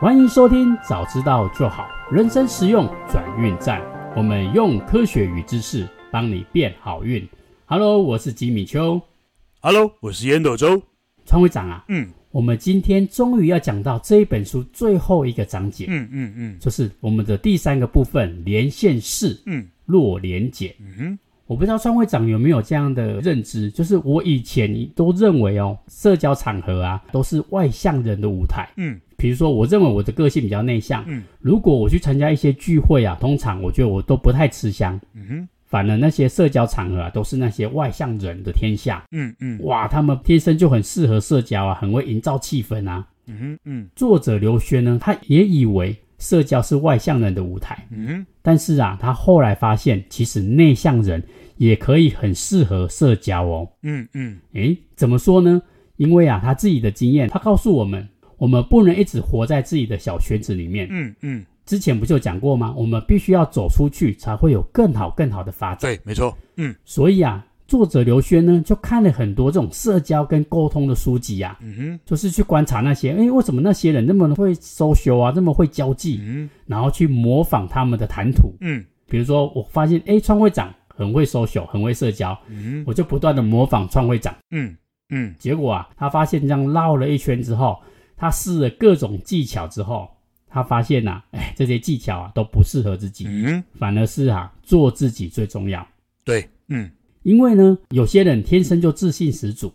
歡迎收聽《早知道就好》，人生實用轉運站。我們用科學與知識幫你變好運。Hello，我是吉米邱。Hello，我是煙斗周。川會長啊，嗯，我們今天終於要講到這一本書最後一個章節。嗯嗯嗯，就是我們的第三個部分——連線式。嗯，弱連結。嗯哼，我不知道川會長有沒有這樣的認知，就是我以前都認為哦，社交場合啊，都是外向人的舞台。嗯。比如說，我認為我的個性比較內向。嗯，如果我去參加一些聚會啊，通常我覺得我都不太吃香。嗯哼，反而那些社交場合啊，都是那些外向人的天下。嗯嗯，哇，他們天生就很適合社交啊，很會營造氣氛啊。嗯哼嗯，作者劉軒呢，他也以為社交是外向人的舞台。嗯哼，但是啊，他後來發現，其實內向人也可以很適合社交哦。嗯嗯，誒，怎麼說呢？因為啊，他自己的經驗，他告訴我們。我們不能一直活在自己的小圈子裡面。嗯嗯，之前不就講過嗎？我們必須要走出去，才會有更好更好的發展。對，沒錯。嗯，所以啊，作者劉軒呢，就看了很多這種社交跟溝通的書籍呀、啊，嗯哼，就是去觀察那些，誒、哎、為什麼那些人那麼會 social 啊，那麼會交際，嗯，然後去模仿他們的談吐，嗯，比如說我發現，誒創會長很會 social 很會社交，嗯哼，我就不斷的模仿創會長，嗯嗯，結果啊，他發現這樣繞了一圈之後。他試了各種技巧之後，他發現呢、啊哎，這些技巧啊都不適合自己，嗯、反而是啊做自己最重要。對，嗯，因為呢，有些人天生就自信十足，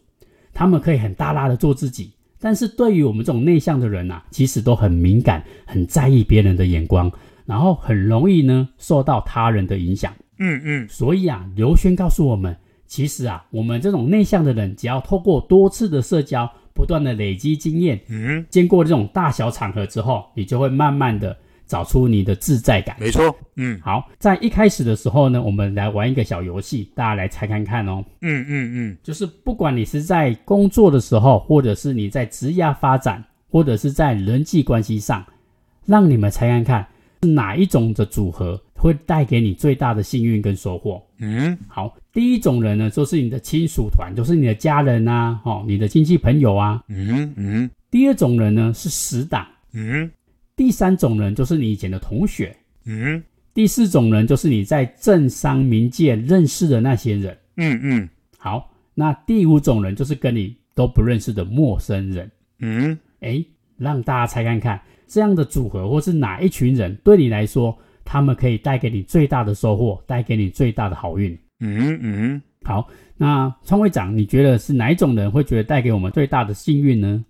他們可以很大大的做自己。但是對於我們這種內向的人呢、啊，其實都很敏感，很在意別人的眼光，然後很容易呢受到他人的影響。嗯嗯，所以啊，劉軒告訴我們，其實啊，我們這種內向的人，只要透過多次的社交。不斷的累積經驗，嗯，經過這種大小場合之後，你就會慢慢的找出你的自在感。沒錯，嗯，好，在一開始的時候呢，我們來玩一個小遊戲，大家來猜看看哦。嗯嗯嗯，就是不管你是在工作的時候，或者是你在職業發展，或者是在人際關係上，讓你們猜看看是哪一種的組合，會帶給你最大的幸運跟收穫。嗯，好，第一種人呢，就是你的親屬團，就是你的家人吶、啊，哈、哦，你的親戚朋友啊。嗯嗯。第二種人呢是死黨。嗯。第三種人就是你以前的同學。嗯。第四種人就是你在政商民界認識的那些人。嗯嗯。好，那第五種人就是跟你都不認識的陌生人。嗯。哎，讓大家猜看看，這樣的組合或是哪一群人對你來說？他們可以帶給你最大的收穫，帶給你最大的好運。嗯嗯，好，那創會長，你覺得是哪一種人會覺得帶給我們最大的幸運呢？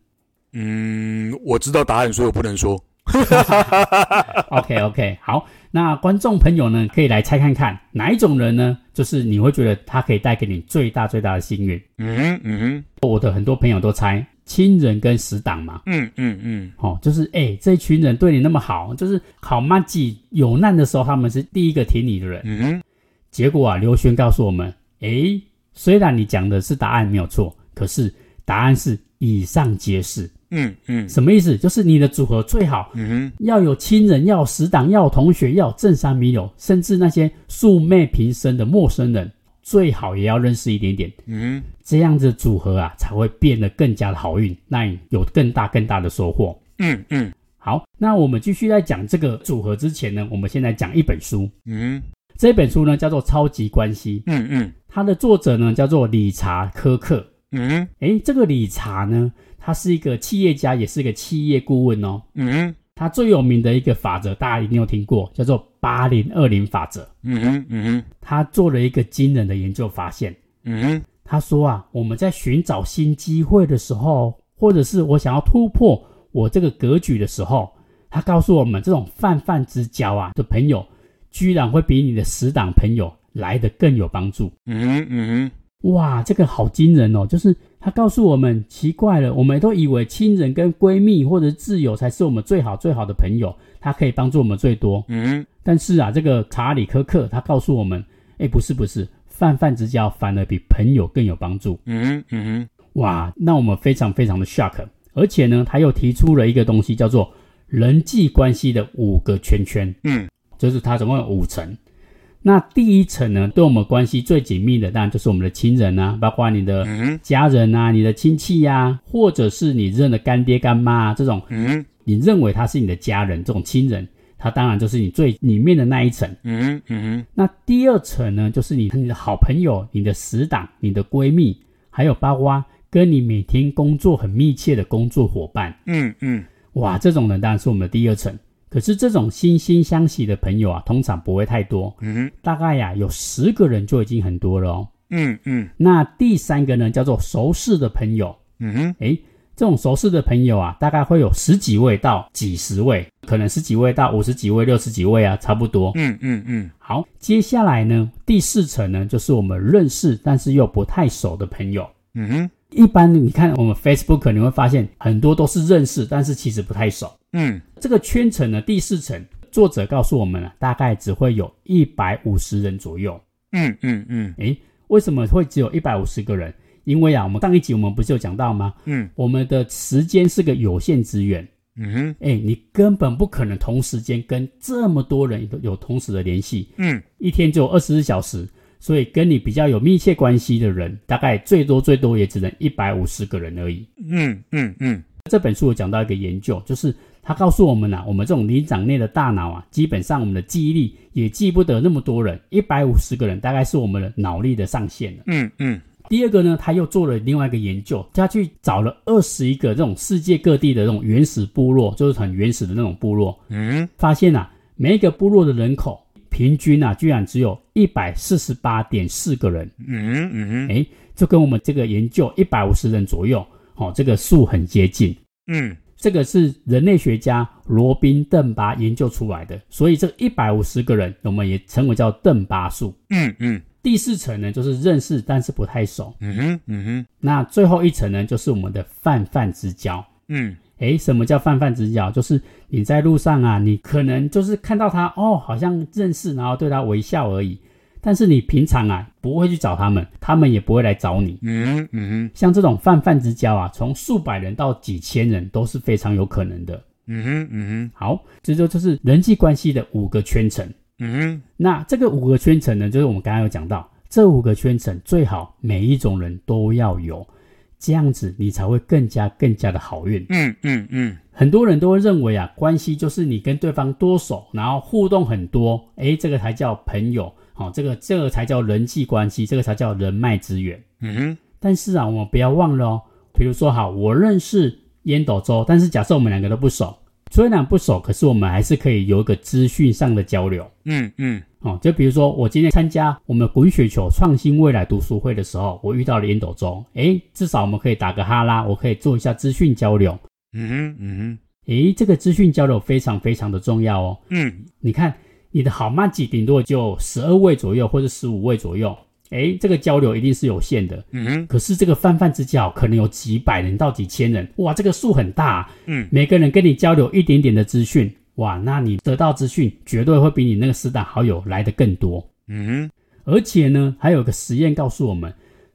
嗯，我知道答案，所以我不能說。 OK OK，好，那觀眾朋友呢，可以來猜看看哪一種人呢？就是你會覺得他可以帶給你最大最大的幸運。嗯嗯，我的很多朋友都猜。親人跟死黨嘛，嗯嗯嗯，哦，就是誒、欸，這群人對你那麼好，就是好嘛，幾有難的時候他們是第一個挺你的人，嗯哼、嗯。結果啊，劉軒告訴我們，誒、欸，雖然你講的是答案沒有錯，可是答案是以上皆是，嗯嗯。什麼意思？就是你的組合最好，嗯哼、嗯，要有親人，要死黨，要同學，要有政商名流，甚至那些素昧平生的陌生人。最好也要認識一點點，嗯，這樣子組合啊，才會變得更加的好運，那你有更大更大的收穫。嗯嗯，好，那我們繼續在講這個組合之前呢，我們先來講一本書，嗯，這本書呢叫做《超級關係》，嗯嗯，它的作者呢叫做理查·柯克，嗯，誒，這個理查呢，他是一個企業家，也是一個企業顧問哦，嗯。他最有名的一個法則，大家一定有聽過，叫做“八零二零法則”嗯。嗯哼，嗯哼，他做了一個驚人的研究發現，嗯哼，他說啊，我們在尋找新機會的時候，或者是我想要突破我這個格局的時候，他告訴我們，這種泛泛之交啊的朋友，居然會比你的死黨朋友來得更有幫助。嗯哼，嗯哼。嗯哇，這個好驚人哦！就是他告訴我們，奇怪了，我們都以為親人跟閨蜜或者摯友才是我們最好最好的朋友，他可以幫助我們最多。嗯，但是啊，這個查理·科克他告訴我們，哎、欸，不是不是，泛泛之交反而比朋友更有幫助。嗯嗯，哇，那我們非常非常的 shock，而且呢，他又提出了一個東西叫做人際關係的五個圈圈。嗯，就是它總共有五層。那第一層呢，對我們關係最緊密的，當然就是我們的親人啊，包括你的家人啊、你的親戚呀、啊，或者是你認的乾爹乾媽、啊、這種，你認為他是你的家人，這種親人，他當然就是你最裡面的那一層。嗯嗯，嗯。那第二層呢，就是你你的好朋友、你的死黨、你的閨蜜，還有包括跟你每天工作很密切的工作夥伴。嗯嗯。哇，這種人當然是我們的第二層。可是這種惺惺相惜的朋友啊，通常不會太多，嗯、哼，大概呀、啊、有十個人就已經很多了哦。嗯嗯。那第三個呢，叫做熟識的朋友。嗯哼。哎，這種熟識的朋友啊，大概會有十幾位到幾十位，可能十幾位到五十幾位、六十幾位啊，差不多。嗯嗯嗯。好，接下來呢，第四層呢，就是我們認識但是又不太熟的朋友。嗯哼。一般你看我們 Facebook，你會發現很多都是認識，但是其實不太熟。嗯，這個圈層呢，第四層，作者告訴我們呢、啊，大概只會有一百五十人左右。嗯嗯嗯。誒，為什麼會只有一百五十個人？因為啊，我們上一集我們不是有講到嗎？嗯，我們的時間是個有限資源。嗯哼。哎，你根本不可能同時間跟這麼多人有有同時的聯繫。嗯，一天只有二十四小時，所以跟你比較有密切關係的人，大概最多最多也只能一百五十個人而已。嗯嗯嗯。這本書有講到一個研究，就是。他告訴我們吶、啊，我們這種靈長類的大腦啊，基本上我們的記憶力也記不得那麼多人，一百五十個人大概是我們的腦力的上限。嗯嗯。第二個呢，他又做了另外一個研究，他去找了二十一個這種世界各地的這種原始部落，就是很原始的那種部落。嗯。發現啊，每一個部落的人口平均啊，居然只有一百四十八點四個人。嗯嗯，嗯。誒，就跟我們這個研究一百五十人左右，好、哦，這個數很接近。嗯。這個是人類學家羅賓·鄧巴研究出來的，所以這一百五十個人，我們也稱為叫鄧巴數。嗯嗯，第四層呢，就是認識，但是不太熟。嗯哼，嗯哼。那最後一層呢，就是我們的泛泛之交。嗯，誒，什麼叫泛泛之交？就是你在路上啊，你可能就是看到他，哦，好像認識，然後對他微笑而已。但是你平常啊不會去找他們，他們也不會來找你。嗯嗯，像這種泛泛之交啊，從數百人到幾千人都是非常有可能的。嗯哼嗯哼、嗯，好，這就就是人際關係的五個圈層。嗯哼、嗯，那這個五個圈層呢，就是我們剛剛有講到，這五個圈層最好每一種人都要有，這樣子你才會更加更加的好運。嗯嗯嗯，很多人都會認為啊，關係就是你跟對方多熟，然後互動很多，誒這個才叫朋友。好、哦，這個這個才叫人際關係，這個才叫人脈資源。嗯哼。但是啊，我們不要忘了哦。比如說，哈，我認識煙斗周，但是假設我們兩個都不熟，雖然不熟，可是我們還是可以有一個資訊上的交流。嗯嗯。哦，就比如說，我今天參加我們滾雪球創新未來讀書會的時候，我遇到了煙斗周。誒，至少我們可以打個哈拉，我可以做一下資訊交流。嗯哼嗯哼。誒，這個資訊交流非常非常的重要哦。嗯，你看。你的好麻吉頂多就十二位左右，或者十五位左右。誒，這個交流一定是有限的。嗯哼。可是這個泛泛之交可能有幾百人到幾千人，哇，這個數很大啊。嗯。每個人跟你交流一點點的資訊，哇，那你得到資訊絕對會比你那個死黨好友來得更多。嗯哼。而且呢，還有一個實驗告訴我們，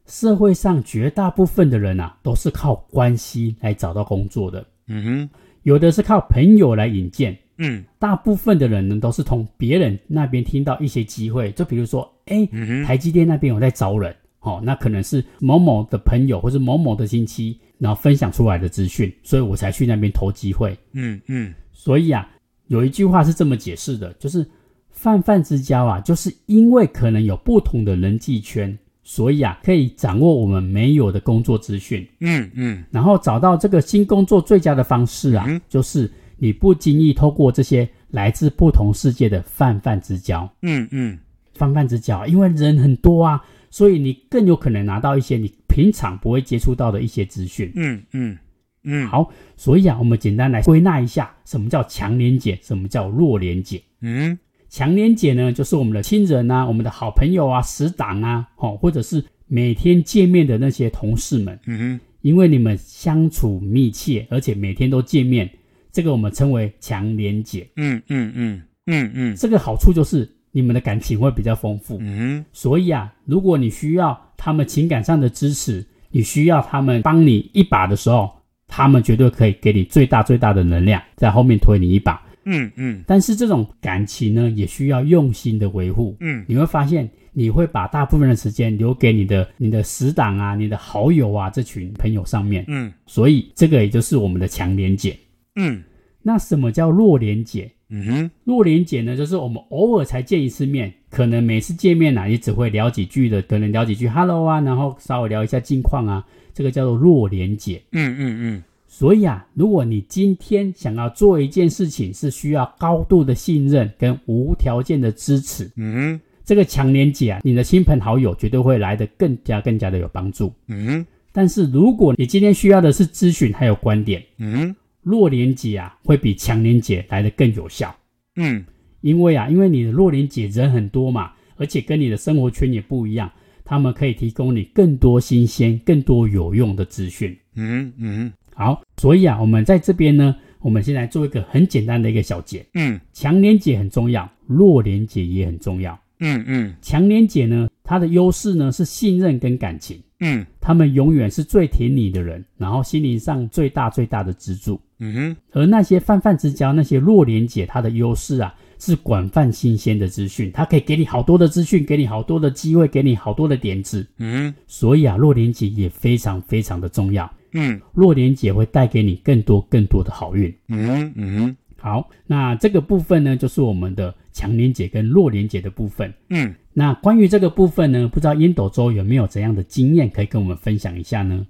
社會上絕大部分的人啊，都是靠關係來找到工作的。嗯哼。有的是靠朋友來引薦。嗯，大部分的人呢，都是從別人那邊聽到一些機會，就比如說，哎、嗯，台積電那邊有在招人，哦，那可能是某某的朋友或是某某的親戚，然後分享出來的資訊，所以我才去那邊投機會。嗯嗯，所以啊，有一句話是這麼解釋的，就是泛泛之交啊，就是因為可能有不同的人際圈，所以啊，可以掌握我們沒有的工作資訊。嗯嗯，然後找到這個新工作最佳的方式啊，嗯、就是。你不經意透過這些來自不同世界的泛泛之交，嗯嗯，泛泛之交，因為人很多啊，所以你更有可能拿到一些你平常不會接觸到的一些資訊，嗯嗯嗯。好，所以啊，我們簡單來歸納一下，什麼叫強連結，什麼叫弱連結？嗯，強連結呢，就是我們的親人啊，我們的好朋友啊，死黨啊，哦，或者是每天見面的那些同事們，嗯哼，因為你們相處密切，而且每天都見面。這個我們稱為強連結，嗯嗯嗯嗯嗯，這個好處就是你們的感情會比較豐富，嗯，所以啊，如果你需要他們情感上的支持，你需要他們幫你一把的時候，他們絕對可以給你最大最大的能量，在後面推你一把，嗯嗯。但是這種感情呢，也需要用心的維護，嗯，你會發現你會把大部分的時間留給你的你的死黨啊、你的好友啊這群朋友上面，嗯，所以這個也就是我們的強連結。嗯，那什麼叫弱連結？嗯哼，弱連結呢，就是我們偶爾才見一次面，可能每次見面呢，啊，也只會聊幾句的，可能聊幾句 “hello” 啊，然後稍微聊一下近況啊，這個叫做弱連結。嗯嗯嗯。所以啊，如果你今天想要做一件事情，是需要高度的信任跟無條件的支持。嗯哼，這個強連結啊，你的親朋好友絕對會來得更加更加的有幫助。嗯哼，但是如果你今天需要的是諮詢還有觀點，嗯哼。弱連結啊，會比強連結來得更有效。嗯，因為啊，因為你的弱連結人很多嘛，而且跟你的生活圈也不一樣，他們可以提供你更多新鮮、更多有用的資訊。嗯嗯，好，所以啊，我們在這邊呢，我們先來做一個很簡單的一個小結。嗯，強連結很重要，弱連結也很重要。嗯嗯，強連結呢，它的優勢呢是信任跟感情。嗯，他們永遠是最挺你的人，然後心靈上最大最大的支柱。嗯哼，而那些泛泛之交，那些弱連結，它的優勢啊，是廣泛新鮮的資訊，它可以給你好多的資訊，給你好多的機會，給你好多的點子。嗯哼，所以啊，弱連結也非常非常的重要。嗯，弱連結會帶給你更多更多的好運。嗯嗯，好，那這個部分呢，就是我們的強連結跟弱連結的部分。嗯，那關於這個部分呢，不知道煙斗周有沒有怎樣的經驗可以跟我們分享一下呢？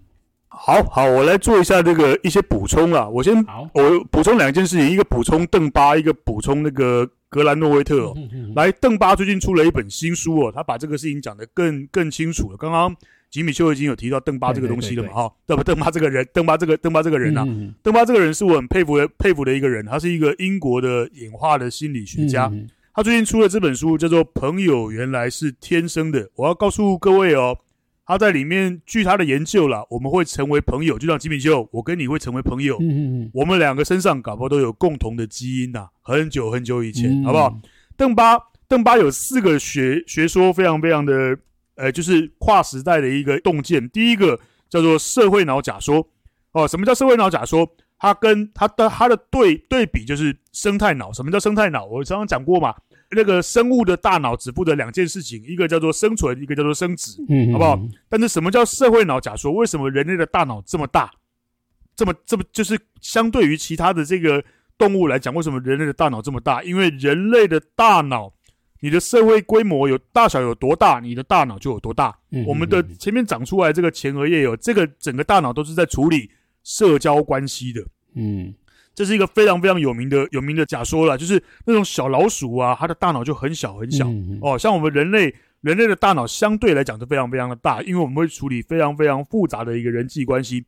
好好，我來做一下這個一些補充啊。我先，我補充兩件事情，一個補充鄧巴，一個補充那個格蘭諾維特、哦嗯哼哼。來，鄧巴最近出了一本新書哦，他把這個事情講得更更清楚了。剛剛吉米邱已經有提到鄧巴這個東西了嘛。哈、哦，鄧巴這個人，鄧巴這個鄧巴、這個、鄧巴這個人吶、啊嗯，鄧巴這個人是我很佩服的，佩服的一個人。他是一個英國的演化的心理學家，嗯、哼哼，他最近出了這本書叫做《朋友原來是天生的》。我要告訴各位哦。他、啊、在裡面，據他的研究了，我們會成為朋友，就像吉米邱，我跟你會成為朋友， 我們兩個身上搞不好都有共同的基因吶、啊，很久很久以前，嗯、好不好？鄧巴，鄧巴有四個學學說，非常非常的，呃，就是跨時代的一個洞見。第一個叫做社會腦假說，哦、呃，什麼叫社會腦假說？它跟它的它的對對比就是生態腦，什麼叫生態腦？我常常講過嘛，那個生物的大腦只負責兩件事情，一個叫做生存，一個叫做生殖，嗯嗯好不好？但是什麼叫社會腦假說？為什麼人類的大腦這麼大？這麼這麼就是相對於其他的這個動物來講，為什麼人類的大腦這麼大？因為人類的大腦，你的社會規模有大小有多大，你的大腦就有多大。我們的前面長出來這個前額葉有這個整個大腦都是在處理。社交關係的，嗯，這是一個非常非常有名的有名的假說啦，就是那種小老鼠啊，它的大腦就很小很小哦，像我們人類，人類的大腦相對來講是非常非常的大，因為我們會處理非常非常複雜的一個人際關係。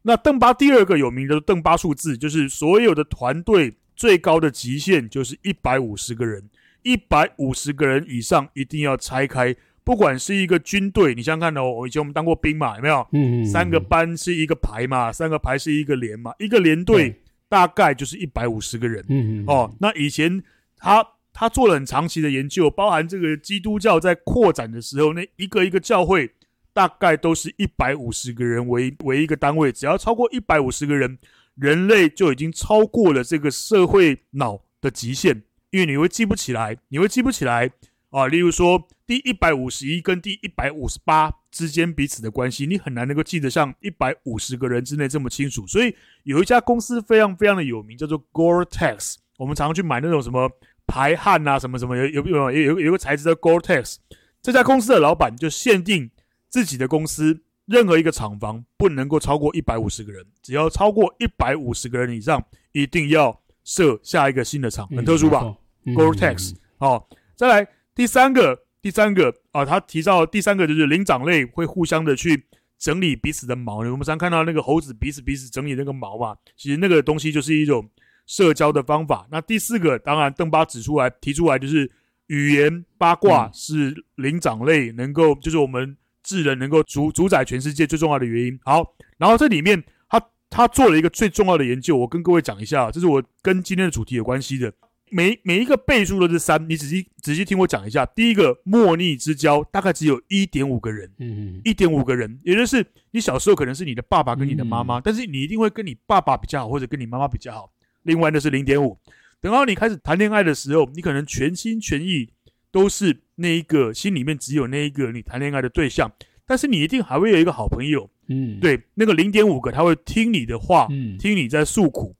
那鄧巴第二個有名的鄧巴數字，就是所有的團隊最高的極限就是一百五十個人，一百五十個人以上一定要拆開。不管是一個軍隊，你想想看哦，以前我們當過兵嘛，有沒有？嗯、嗯、嗯。三個班是一個排嘛，三個排是一個連嘛，一個連隊大概就是一百五十個人。嗯嗯。哦，那以前他他做了很長期的研究，包含這個基督教在擴展的時候，那一個一個教會大概都是一百五十個人為為一個單位，只要超過一百五十個人，人類就已經超過了這個社會腦的極限，因為你會記不起來，你會記不起來啊。例如說。第一百五十一跟第一百五十八之間彼此的關係，你很難能夠記得像一百五十個人之內這麼清楚。所以有一家公司非常非常的有名，叫做 Gore Tex。我們常常去買那種什麼排汗啊，什麼什麼有有有有有，有，有，有個材質叫 Gore Tex。這家公司的老板就限定自己的公司任何一個廠房不能夠超過一百五十個人，只要超過一百五十個人以上，一定要設下一個新的廠，很特殊吧？Gore Tex、嗯嗯嗯嗯嗯嗯嗯。好，再來第三個。第三個啊，他提到第三個就是靈長類會互相的去整理彼此的毛。我們常看到那個猴子彼此彼此，彼此整理那個毛嘛，其實那個東西就是一種社交的方法。那第四個，當然鄧巴指出來提出來就是語言八卦是靈長類能夠、嗯，就是我們智人能夠主主宰全世界最重要的原因。好，然後這裡面他他做了一個最重要的研究，我跟各位講一下，這是我跟今天的主題有關係的。每每一個倍數都是三，你仔細仔細聽我講一下。第一個莫逆之交大概只有一點五個人，嗯，一點五個人，也就是你小時候可能是你的爸爸跟你的媽媽、嗯，但是你一定會跟你爸爸比較好，或者跟你媽媽比較好。另外的是零點五，等到你開始談戀愛的時候，你可能全心全意都是那一個，心裡面只有那一個你談戀愛的對象，但是你一定還會有一個好朋友，嗯，對，那個零點五個他會聽你的話，嗯、聽你在訴苦。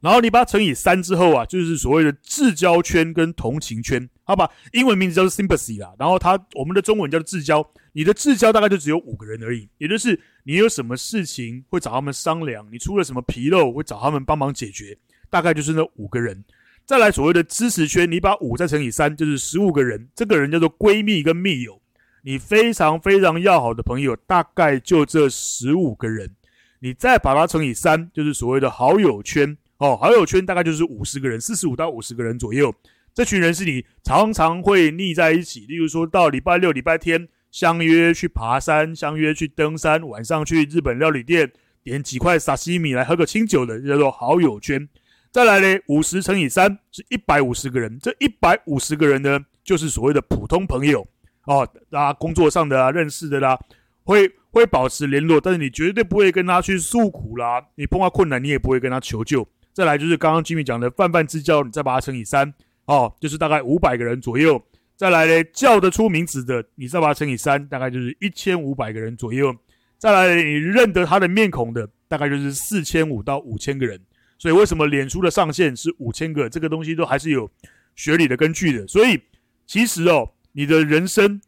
然後你把它乘以三之後啊，就是所謂的至交圈跟同情圈，好吧？英文名字叫做 sympathy 啦。然後它我們的中文叫做至交，你的至交大概就只有五個人而已。也就是你有什麼事情會找他們商量，你出了什麼紕漏會找他們幫忙解決，大概就是那五個人。再來所謂的支持圈，你把五再乘以三就是十五個人。這個人叫做閨蜜跟密友，你非常非常要好的朋友，大概就這十五個人。你再把它乘以三，就是所謂的好友圈。哦，好友圈大概就是五十個人，四十五到五十個人左右。這群人是你常常會膩在一起，例如說到禮拜六、禮拜天相約去爬山，相約去登山，晚上去日本料理店點幾塊沙西米來喝個清酒的，叫做好友圈。再來咧，五十乘以三是一百五十個人，這一百五十個人呢，就是所謂的普通朋友哦，啊，工作上的啊，認識的啦，啊，會會保持聯絡，但是你絕對不會跟他去訴苦啦，你碰到困難你也不會跟他求救。再來就是剛剛 Jimmy 講的泛泛之交，你再把它乘以三，哦，就是大概五百個人左右。再來咧，叫得出名字的，你再把它乘以三，大概就是一千五百個人左右。再來咧，你認得他的面孔的，大概就是四千五到五千個人。所以為什麼臉書的上限是五千個？這個東西都還是有學理的根據的。所以其實哦，你的人生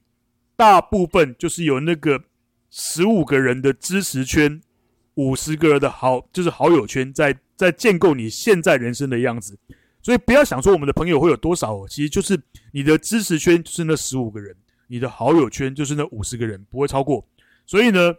大部分就是有那個十五個人的支持圈。五十個人的好就是好友圈在，在在建構你現在人生的樣子，所以不要想說我們的朋友會有多少，其實就是你的支持圈就是那十五個人，你的好友圈就是那五十個人，不會超過。所以呢，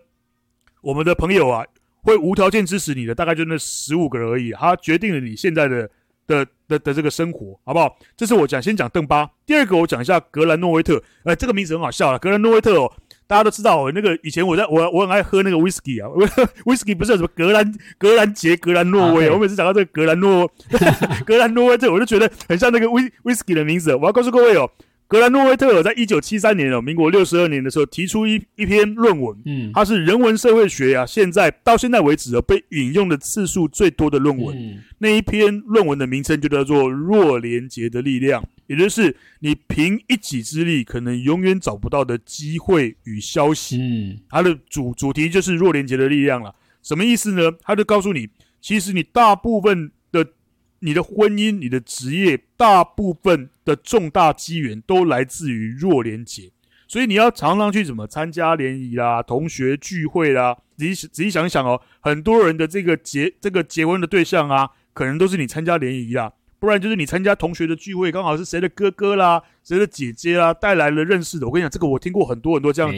我們的朋友啊，會無條件支持你的，大概就那十五個人而已，它決定了你現在的的的的，的這個生活，好不好？這是我講先講鄧巴，第二個我講一下格蘭諾維特，哎，這個名字很好笑啊，格蘭諾維特，哦。大家都知道、哦，那個以前我在我我很愛喝那個威士忌啊。呵呵威士忌不是有什麼格蘭格蘭傑、格蘭諾威、哦啊。我每次講到這個格蘭諾 格蘭諾維特，這我就覺得很像那個威威士忌的名字、哦。我要告訴各位哦，格蘭諾維特在一九七三年哦，民國六十二年的時候提出一一篇論文，嗯，它是人文社會學啊，現在到現在為止的、哦、被引用的次數最多的論文。嗯、那一篇論文的名稱就叫做《弱連結的力量》。也就是你憑一己之力可能永遠找不到的機會與消息，嗯，它的主主題就是弱連結的力量了。什麼意思呢？他就告訴你，其實你大部分的、你的婚姻、你的職業，大部分的重大機緣都來自於弱連結，所以你要常常去怎麼參加聯誼啦、同學聚會啦。仔細仔細想一想哦、喔，很多人的這個結這個結婚的對象啊，可能都是你參加聯誼啦。不然就是你參加同學的聚會，剛好是誰的哥哥啦，誰的姐姐啦，帶來了認識的。我跟你講，這個我聽過很多很多這樣，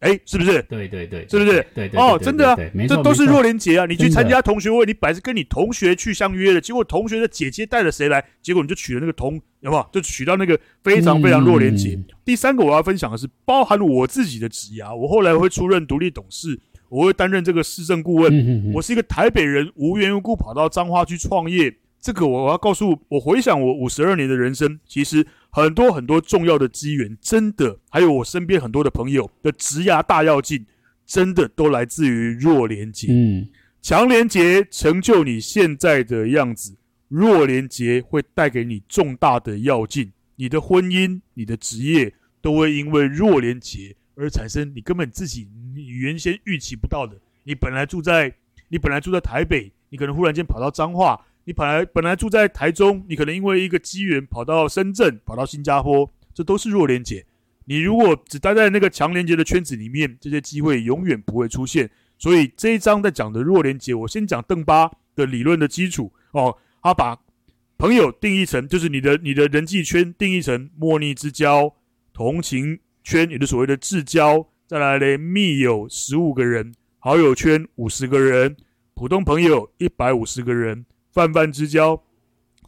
哎、欸欸，是不是、欸？對對對，是不是？對對，對，對，對，哦，對，對，對，對，對哦，真的、啊、對對對這都是弱連結啊。你去參加同學會，你本來是跟你同學去相約的，結果同學的姐姐帶了誰來，結果你就娶了那個同，有沒有？就娶到那個非常非常弱連結、嗯。第三個我要分享的是，包含我自己的職涯、啊。我後來會出任獨立董事，我會擔任這個市政顧問、嗯哼哼。我是一個台北人，無緣無故跑到彰化去創業。這個我要告訴我，我回想我五十二年的人生，其實很多很多重要的資源，真的還有我身邊很多的朋友的職涯大躍進，真的都來自於弱連結，嗯，強連結成就你現在的樣子，弱連結會帶給你重大的躍進。你的婚姻、你的職業，都會因為弱連結而產生你根本自己你原先預期不到的。你本來住在你本來住在台北，你可能忽然間跑到彰化。你本來本來住在台中，你可能因為一個機緣跑到深圳，跑到新加坡，這都是弱連結。你如果只待在那個強連結的圈子裡面，這些機會永遠不會出現。所以這一章在講的弱連結，我先講鄧巴的理論的基礎。哦，他把朋友定義成就是你的你的人際圈定義成莫逆之交、同情圈，你的所謂的至交，再來嘞，密友十五個人，好友圈五十個人，普通朋友一百五十個人。泛泛之交，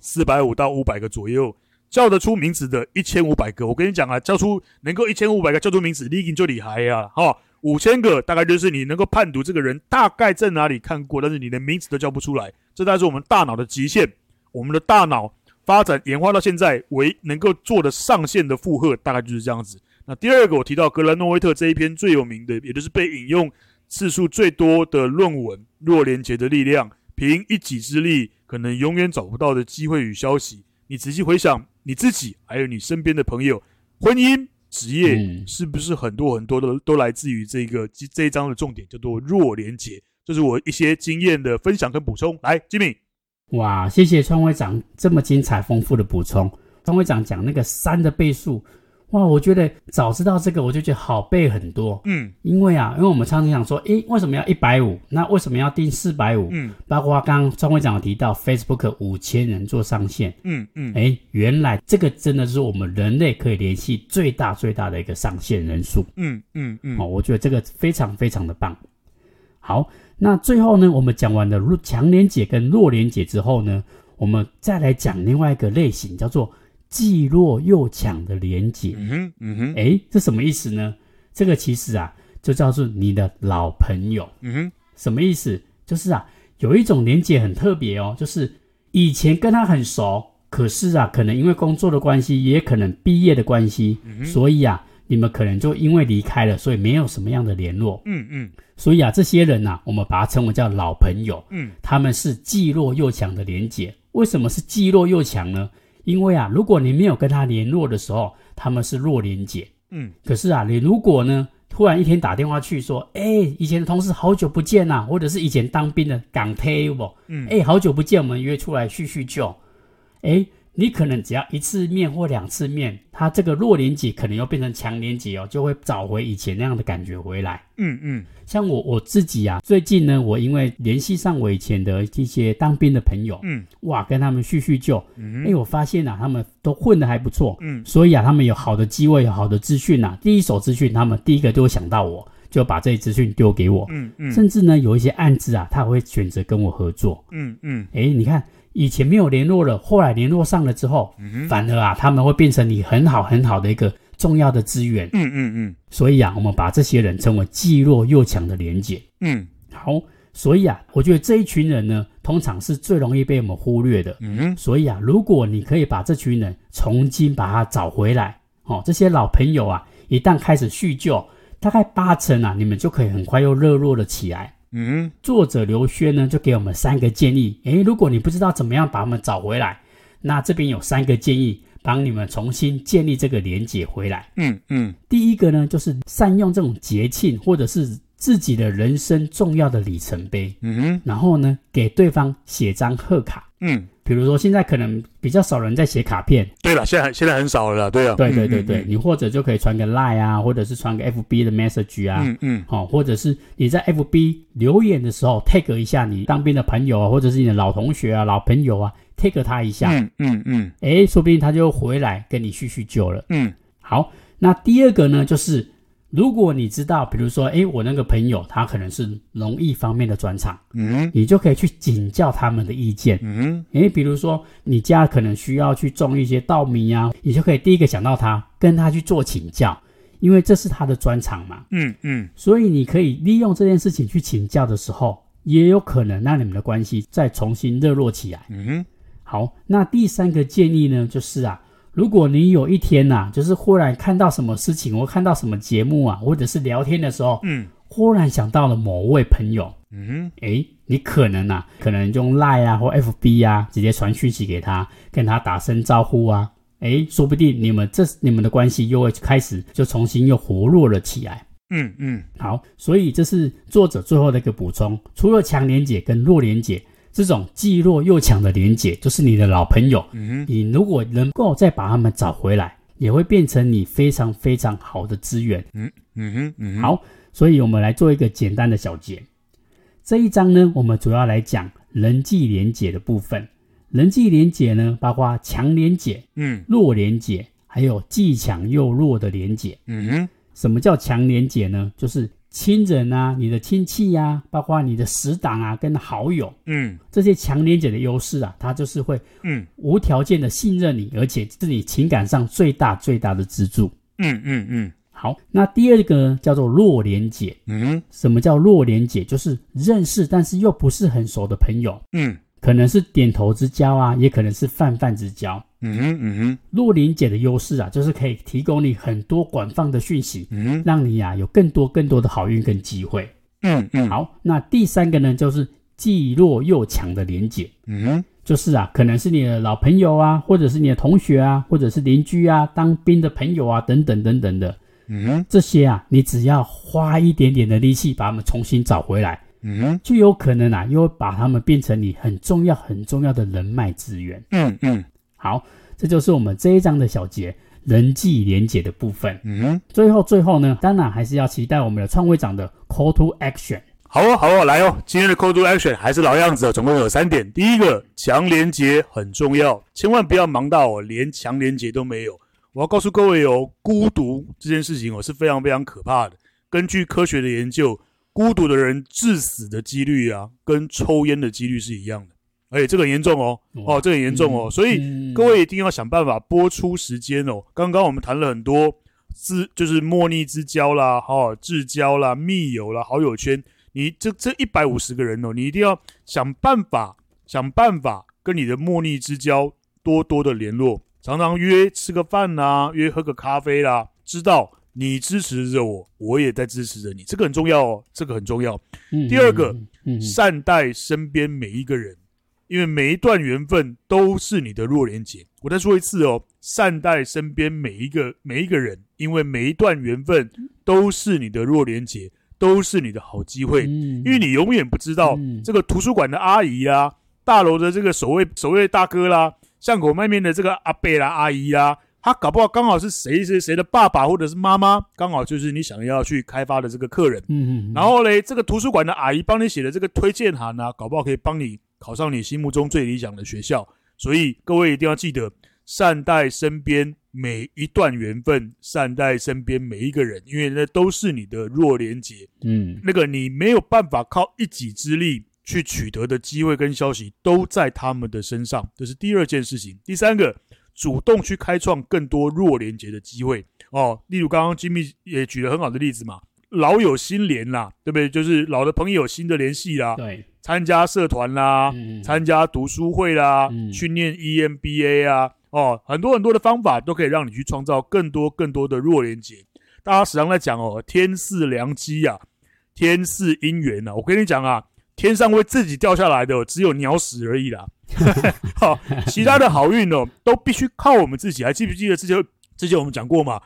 四百五到五百個左右；叫得出名字的，一千五百個。我跟你講啊，叫出能夠一千五百個叫出名字，你已經就厲害呀！哈，五千個大概就是你能夠判讀這個人大概在哪裡看過，但是你連名字都叫不出來，這代表我們大腦的極限。我們的大腦發展演化到現在，為能夠做的上限的負荷，大概就是這樣子。那第二個，我提到格蘭諾維特這一篇最有名的，也就是被引用次數最多的論文《弱連結的力量》。憑一己之力，可能永遠找不到的機會與消息。你仔細回想你自己，還有你身邊的朋友，婚姻、職業、嗯，是不是很多很多的都來自於這個這一章的重點，叫做弱連結？這是我一些經驗的分享跟補充。來，吉米，哇，謝謝創會長這麼精彩豐富的補充。創會長講那個三的倍數。哇，我覺得早知道這個，我就覺得好背很多。嗯，因為啊，因為我們常常想說，誒，為什麼要一百五？那為什麼要定四百五？嗯，包括剛剛張會長有提到，Facebook 五千人做上限。嗯嗯，誒，原來這個真的是我們人類可以聯繫最大最大的一個上限人數。嗯嗯嗯、哦，我覺得這個非常非常的棒。好，那最後呢，我們講完了強連結跟弱連結之後呢，我們再來講另外一個類型，叫做。既弱又強的連結，嗯哼，嗯哼，哎，這什麼意思呢？這個其實啊，就叫做你的老朋友，嗯哼，什麼意思？就是啊，有一種連結很特別哦，就是以前跟他很熟，可是啊，可能因為工作的關係，也可能畢業的關係，uh -huh. 所以啊，你們可能就因為離開了，所以沒有什麼樣的聯絡，嗯嗯，所以啊，這些人啊，我們把它稱為叫老朋友，嗯、uh -huh.，他們是既弱又強的連結，為什麼是既弱又強呢？因為啊，如果你沒有跟他聯絡的時候，他們是弱連結，嗯。可是啊，你如果呢，突然一天打電話去說，哎，以前的同事好久不見吶、啊，或者是以前當兵的港台不，哎、嗯，好久不見，我們約出來敘敘舊，去去就誒你可能只要一次面或兩次面，他這個弱連結可能又變成強連結哦，就會找回以前那樣的感覺回來。嗯嗯，像我我自己啊，最近呢，我因為聯繫上我以前的一些當兵的朋友，嗯，哇，跟他們敘敘舊，哎、嗯欸，我發現啊，他們都混得還不錯，嗯，所以啊，他們有好的機會、有好的資訊吶、啊，第一手資訊，他們第一個就會想到我，就把這些資訊丟給我，嗯嗯，甚至呢，有一些案子啊，他會選擇跟我合作，嗯嗯，哎、欸，你看。以前沒有聯絡了，後來聯絡上了之後，反而啊，他們會變成你很好很好的一個重要的資源。嗯嗯嗯。所以啊，我們把這些人稱為既弱又強的連結。嗯。好，所以啊，我覺得這一群人呢，通常是最容易被我們忽略的。嗯哼、嗯。所以啊，如果你可以把這群人重新把他找回來，哦，這些老朋友啊，一旦開始敘舊，大概八成啊，你們就可以很快又熱絡了起來。嗯，作者劉軒呢，就給我們三個建議。誒，如果你不知道怎麼樣把他們找回來，那這邊有三個建議，幫你們重新建立這個連結回來。嗯嗯，第一個呢，就是善用這種節慶，或者是。自己的人生重要的里程碑，嗯哼，然後呢，給對方寫張賀卡，嗯，比如說現在可能比較少人在寫卡片，對了，現在現在很少了啦，對了啊，對對對對，對嗯嗯嗯，你或者就可以傳個 line 啊，或者是傳個 fb 的 message 啊，嗯嗯，好、哦，或者是你在 fb 留言的時候 tag 一下你當兵的朋友啊，或者是你的老同學啊、老朋友啊，tag 他一下，嗯嗯嗯，誒說不定他就回來跟你敘敘舊了，嗯，好，那第二個呢就是。嗯如果你知道，比如說，誒我那個朋友他可能是農業方面的專長，嗯，你就可以去請教他們的意見，嗯，哎，比如說你家可能需要去種一些稻米啊，你就可以第一個想到他，跟他去做請教，因為這是他的專長嘛，嗯嗯，所以你可以利用這件事情去請教的時候，也有可能讓你們的關係再重新熱絡起來，嗯哼，好，那第三個建議呢，就是啊。如果你有一天吶、啊，就是忽然看到什麼事情，或看到什麼節目啊，或者是聊天的時候，嗯，忽然想到了某位朋友，嗯，誒，你可能吶、啊，可能用 LINE 啊或 FB 啊，直接傳訊息給他，跟他打聲招呼啊，誒，說不定你們這你們的關係又會開始就重新又活絡了起來，嗯嗯，好，所以這是作者最後的一個補充，除了強連結跟弱連結。這種既弱又強的連結，就是你的老朋友，嗯。你如果能夠再把他們找回來，也會變成你非常非常好的資源。嗯嗯，嗯好，所以我們來做一個簡單的小結。這一章呢，我們主要來講人際連結的部分。人際連結呢，包括強連結嗯，弱連結還有既強又弱的連結。嗯哼，什麼叫強連結呢？就是親人啊，你的親戚呀、啊，包括你的死黨啊，跟好友，嗯，這些強連結的優勢啊，他就是會，嗯，無條件的信任你，而且是你情感上最大最大的支柱，嗯嗯嗯。好，那第二個呢，叫做弱連結，嗯，什麼叫弱連結？就是認識但是又不是很熟的朋友，嗯，可能是點頭之交啊，也可能是泛泛之交。嗯哼，嗯哼，弱連結的優勢啊，就是可以提供你很多廣泛的訊息，嗯哼，讓你啊有更多更多的好運跟機會，嗯嗯。好，那第三個呢，就是既弱又強的連結，嗯哼，就是啊，可能是你的老朋友啊，或者是你的同學啊，或者是鄰居啊，當兵的朋友啊，等等等等的，嗯哼、嗯，這些啊，你只要花一點點的力氣把他們重新找回來，嗯哼、嗯，就有可能啊，又會把他們變成你很重要很重要的人脈資源，嗯嗯。好，這就是我們這一章的小結，人際連結的部分。嗯，最後最後呢，當然還是要期待我們的創會長的 Call to Action。好哦，好哦，來哦，今天的 Call to Action 還是老樣子哦，總共有三點。第一個，強連結很重要，千萬不要忙到哦，連強連結都沒有。我要告訴各位哦，孤獨這件事情哦是非常非常可怕的。根據科學的研究，孤獨的人致死的幾率啊，跟抽煙的幾率是一樣的。哎、欸，這個嚴重哦，哦，這個嚴重哦，嗯、所以、嗯、各位一定要想辦法播出時間哦。剛剛我們談了很多，自，就是莫逆之交啦，哈、哦，至交啦，密友啦，好友圈，你這這一百五十個人哦，你一定要想辦法，想辦法跟你的莫逆之交多多的聯絡，常常約吃個飯啦、啊，約喝個咖啡啦，知道你支持着我，我也在支持着你，這個很重要哦，這個很重要。嗯、第二個，嗯嗯嗯、善待身邊每一個人。因為每一段緣分都是你的弱連結。我再說一次哦，善待身邊每一個每一個人，因為每一段緣分都是你的弱連結，都是你的好機會，因為你永遠不知道這個圖書館的阿姨呀、啊，大樓的這個守衛守衛大哥啦，巷口外面的這個阿伯啦、阿姨呀、啊，他搞不好剛好是誰誰誰的爸爸或者是媽媽，剛好就是你想要去開發的這個客人，嗯，然後嘞，這個圖書館的阿姨幫你寫的這個推薦函啊，搞不好可以幫你。考上你心目中最理想的學校，所以各位一定要記得善待身邊每一段緣分，善待身邊每一個人，因為那都是你的弱連結。嗯，那個你沒有辦法靠一己之力去取得的機會跟消息，都在他們的身上。這是第二件事情。第三個，主動去開創更多弱連結的機會哦。例如剛剛吉米也舉了很好的例子嘛，老友新聯啦、啊，對不對？就是老的朋友新的聯繫啦，對。參加社團啦、啊，參、嗯、加讀書會啦、啊，訓、嗯、練 EMBA 啊，哦，很多很多的方法都可以讓你去創造更多更多的弱連結。大家時常在講哦，天賜良機呀、啊，天賜姻緣吶、啊。我跟你講啊，天上會自己掉下來的只有鳥屎而已啦。 其他的好運哦，都必須靠我們自己。還記不記得之前？之前我們講過嘛？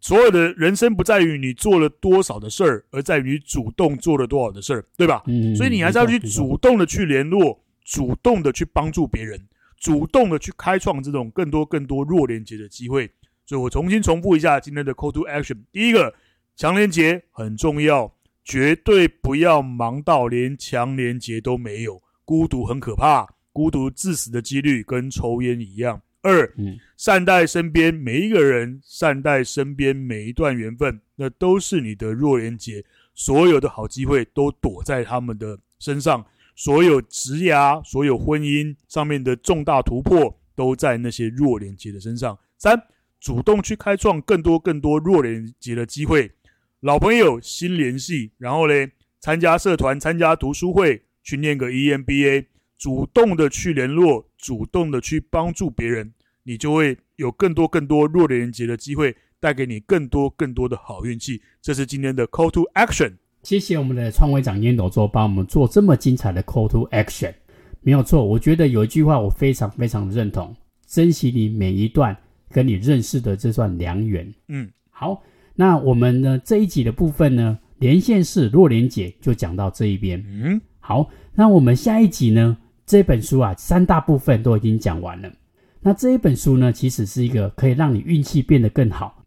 所有的人生不在於你做了多少的事兒，而在於你主動做了多少的事兒，對吧？嗯，所以你還是要去主動的去聯絡，主動的去幫助別人，主動的去開創這種更多更多弱連結的機會。所以我重新重複一下今天的 call to action：第一個，強連結很重要，絕對不要忙到連強連結都沒有。孤獨很可怕，孤獨致死的幾率跟抽菸一樣。二，善待身邊每一個人，善待身邊每一段緣分，那都是你的弱連結。所有的好機會都躲在他們的身上，所有職涯，所有婚姻上面的重大突破，都在那些弱連結的身上。三，主動去開創更多更多弱連結的機會，老朋友新聯繫，然後呢，參加社團，參加讀書會，去念個 EMBA，主動的去聯絡。主動的去幫助別人，你就會有更多更多弱連結的機會，帶給你更多更多的好運氣。這是今天的 Call to Action。謝謝我們的創會長煙斗周幫我們做這麼精彩的 Call to Action。沒有錯，我覺得有一句話我非常非常認同：珍惜你每一段跟你認識的這段良緣。嗯，好，那我們呢，這一集的部分呢，連線是弱連結就講到這一邊。嗯，好，那我們下一集呢？這本書啊，三大部分都已經講完了。那這一本書呢，其實是一個可以讓你運氣變得更好。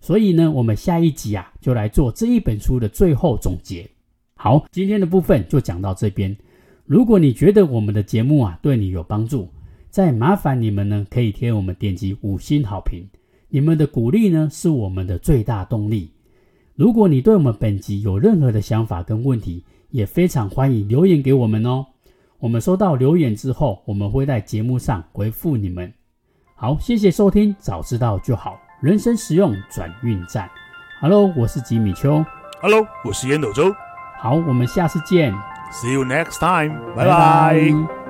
所以呢，我們下一集啊，就來做這一本書的最後總結。好，今天的部分就講到這邊。如果你覺得我們的節目啊，對你有幫助，再麻煩你們呢，可以給我們點擊五星好評。你們的鼓勵呢，是我們的最大動力。如果你對我們本集有任何的想法跟問題，也非常歡迎留言給我們哦。我們收到留言之後，我們會在節目上回復你們。好，謝謝收聽，早知道就好。人生實用轉運站。Hello，我是吉米邱。Hello，我是煙斗周。好，我們下次見。See you next time。拜拜。